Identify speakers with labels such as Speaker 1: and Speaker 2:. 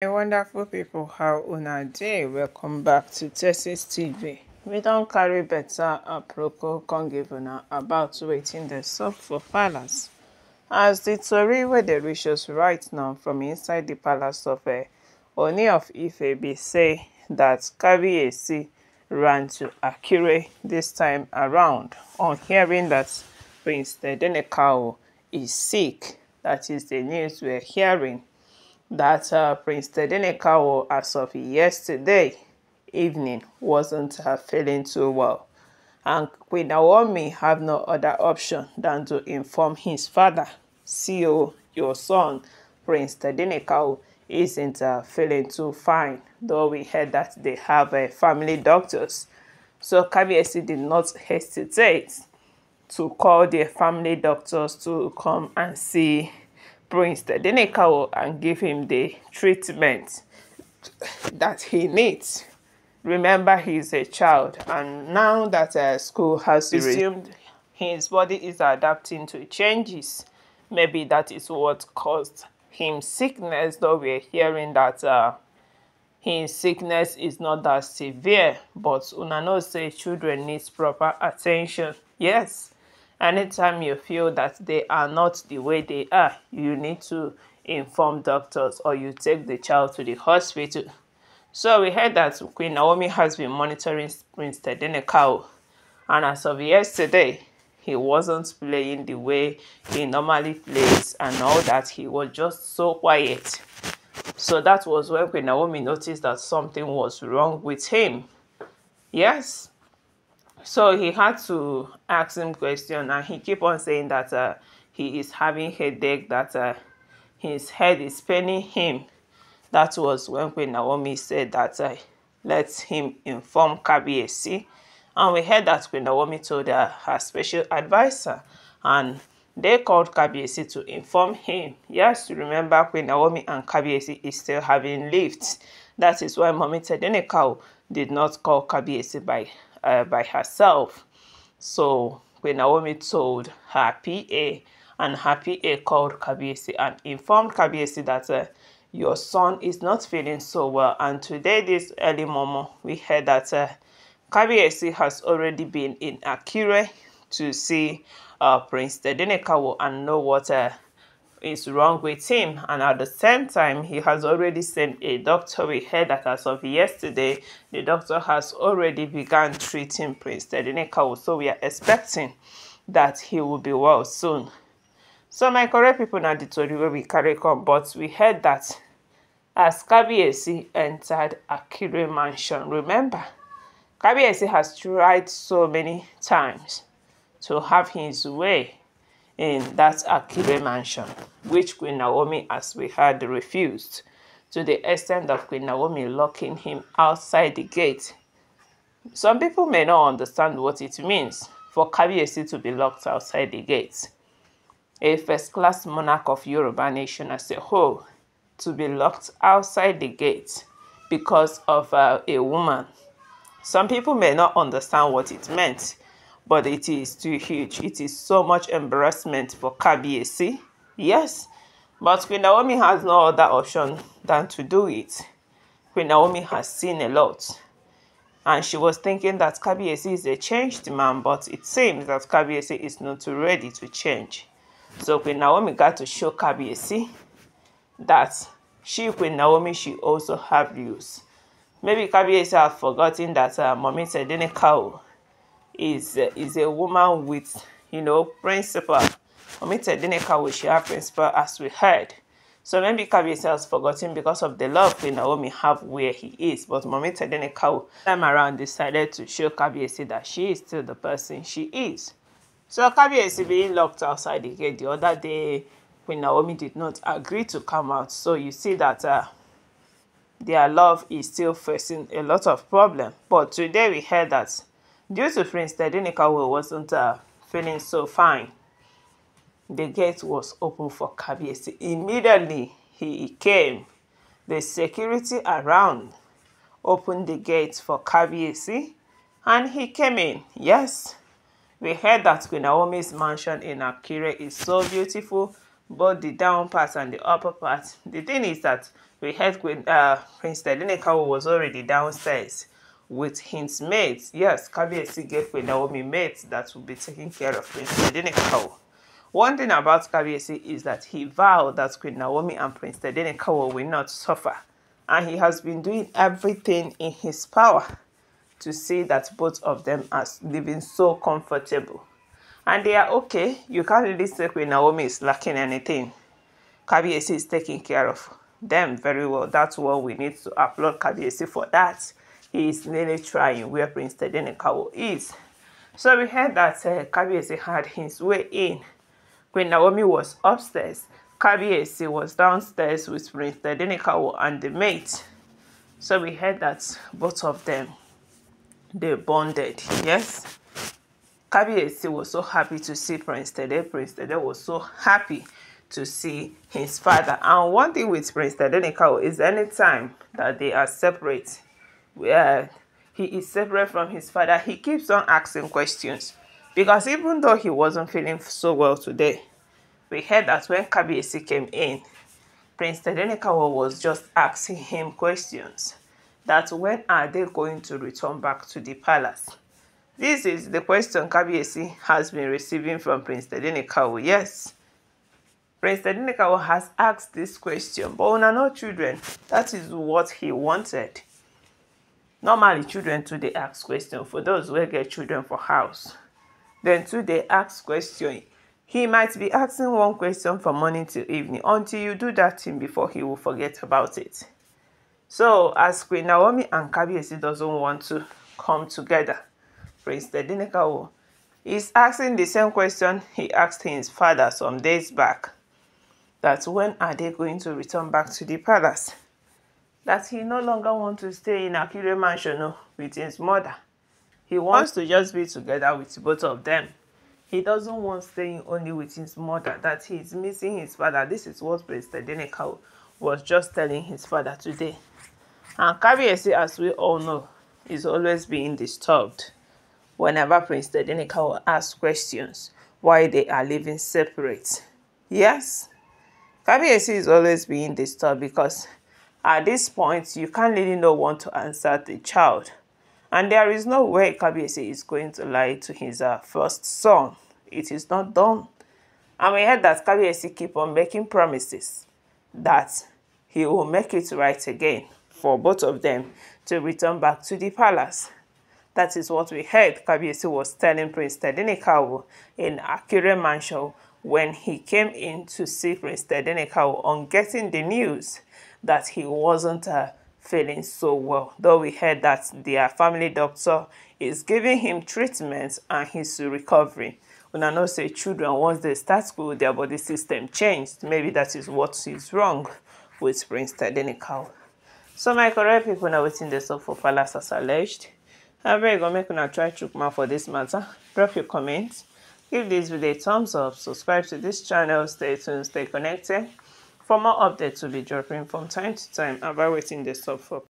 Speaker 1: my wonderful people how una dey welcome back to texas tv we don't carry beta aproko come give una about waiting the sub for palace as the story wey dey reach us right now from inside the palace of uh, eh, oni of ife be say dat kabiyesi ran to akure this time around on hearing that prince tedenekau is sick that is the news we're hearing that uh, Prince Tedenekawo, as of yesterday evening, wasn't uh, feeling too well. And Queen Naomi have no other option than to inform his father, CEO, your son, Prince Tedenekawo, isn't uh, feeling too fine, though we heard that they have uh, family doctors. So Kabiesi did not hesitate to call their family doctors to come and see Prince Tedenekawo and give him the treatment that he needs. Remember, he's a child, and now that uh, school has resumed, his body is adapting to changes. Maybe that is what caused him sickness, though we're hearing that uh, his sickness is not that severe, but unano say children needs proper attention. Yes, anytime you feel that they are not the way they are you need to inform doctors or you take the child to the hospital so we heard that queen naomi has been monitoring prince tedenekau and as of yesterday he wasn't playing the way he normally plays and all that he was just so quiet so that was when queen naomi noticed that something was wrong with him yes so he had to ask him question, and he keep on saying that uh, he is having headache, that uh, his head is paining him. That was when Queen Naomi said that uh, let him inform KBAC. And we heard that Queen Naomi told her, her special advisor, and they called KBAC to inform him. Yes, remember Queen Naomi and KBAC is still having lifts. That is why Mommy Tedenekau did not call KBAC by uh, by herself. So when Naomi told her PA, and her PA called Kabiesi and informed Kabiesi that uh, your son is not feeling so well. And today, this early morning, we heard that uh, Kabiesi has already been in Akure to see uh, Prince Tedenekawo and know what uh, is wrong with him and at the same time he has already sent a doctor we heard that as of yesterday the doctor has already begun treating prince tedinekawo so we are expecting that he will be well soon so my correct people now the tori will we carry on, but we heard that as Kabiase entered akire mansion remember Kabiase has tried so many times to have his way in that Akire mansion, which Queen Naomi, as we heard, refused, to the extent of Queen Naomi locking him outside the gate. Some people may not understand what it means for Kabiyesi to be locked outside the gate. A first-class monarch of Yoruba nation as a whole to be locked outside the gate because of uh, a woman. Some people may not understand what it meant but it is too huge. It is so much embarrassment for Kabiesi. Yes, but Queen Naomi has no other option than to do it. Queen Naomi has seen a lot. And she was thinking that Kabiesi is a changed man, but it seems that Kabiesi is not ready to change. So Queen Naomi got to show Kabiesi that she, Queen Naomi, she also have views. Maybe Kabiesi has forgotten that uh, Mommy didn't cow is uh, is a woman with you know principle. Omite Dineka will her principle as we heard. So maybe Kabiyesi has forgotten because of the love Queen Naomi have where he is. But Mommy Tedenekau time around decided to show Kabiyesi that she is still the person she is. So Kabiyesi being locked outside the gate the other day, Queen Naomi did not agree to come out. So you see that uh, their love is still facing a lot of problem. But today we heard that Due to Frinstead, Nikawa wasn't uh, feeling so fine. The gate was open for Kabiesi. Immediately he came. The security around opened the gate for Kabiesi and he came in. Yes, we heard that Queen Naomi's mansion in Akure is so beautiful, both the down part and the upper part. The thing is that we heard Queen, uh, Prince Tedenekawo was already downstairs with his mates. Yes, Kabiesi gave with Naomi mates that will be taking care of Prince Tedenekawa. One thing about Kabiesi is that he vowed that Queen Naomi and Prince Tedenekawa will not suffer. And he has been doing everything in his power to see that both of them are living so comfortable. And they are okay. You can't really say Queen Naomi is lacking anything. Kabiesi is taking care of them very well. That's what we need to applaud Kabiesi for that is nearly trying where Prince Tedenekawo is. So we heard that uh, Kabiesi had his way in. when Naomi was upstairs. Kabiesi was downstairs with Prince Tedenekawo and the mate. So we heard that both of them, they bonded, yes? Kabiesi was so happy to see Prince Tede. Prince Tede was so happy to see his father. And one thing with Prince Tedenekawo is anytime that they are separate, uh, he is separate from his father, he keeps on asking questions. Because even though he wasn't feeling so well today, we heard that when Kabiesi came in, Prince Tedenekawa was just asking him questions that when are they going to return back to the palace? This is the question Kabiesi has been receiving from Prince Tedenekawa. Yes, Prince Tedenekawa has asked this question, but are no children, that is what he wanted normally children too ask question for those who get children for house then too ask question he might be asking one question from morning till evening until you do that thing before he will forget about it so as queen naomi and kabiyesi doesn't want to come together prince tedinekawo is asking the same question he asked his father some days back that when are they going to return back to the palace that he no longer wants to stay in Akire Mansion with his mother. He wants to just be together with both of them. He doesn't want staying only with his mother, that he is missing his father. This is what Prince Deneka was just telling his father today. And Kabiesi, as we all know, is always being disturbed whenever Prince Dedenika will ask questions why they are living separate. Yes, Kabiesi is always being disturbed because at this point, you can't really know what to answer the child. And there is no way Kabiesi is going to lie to his uh, first son. It is not done. And we heard that Kabiesi keep on making promises that he will make it right again for both of them to return back to the palace. That is what we heard Kabiesi was telling Prince Tedinikawu in Akire Mansion when he came in to see Prince Tedinikawu on getting the news that he wasn't uh, feeling so well. Though we heard that their family doctor is giving him treatment and he's recovering. When I know say children, once they start school, their body system changed. Maybe that is what is wrong with Prince Tadenical. So my correct people now waiting this for Palace as alleged. I beg you make una try to come for this matter. Drop your comments. Give this video a thumbs up. Subscribe to this channel. Stay tuned. Stay connected. For more updates, will be dropping from time to time about waiting the stuff for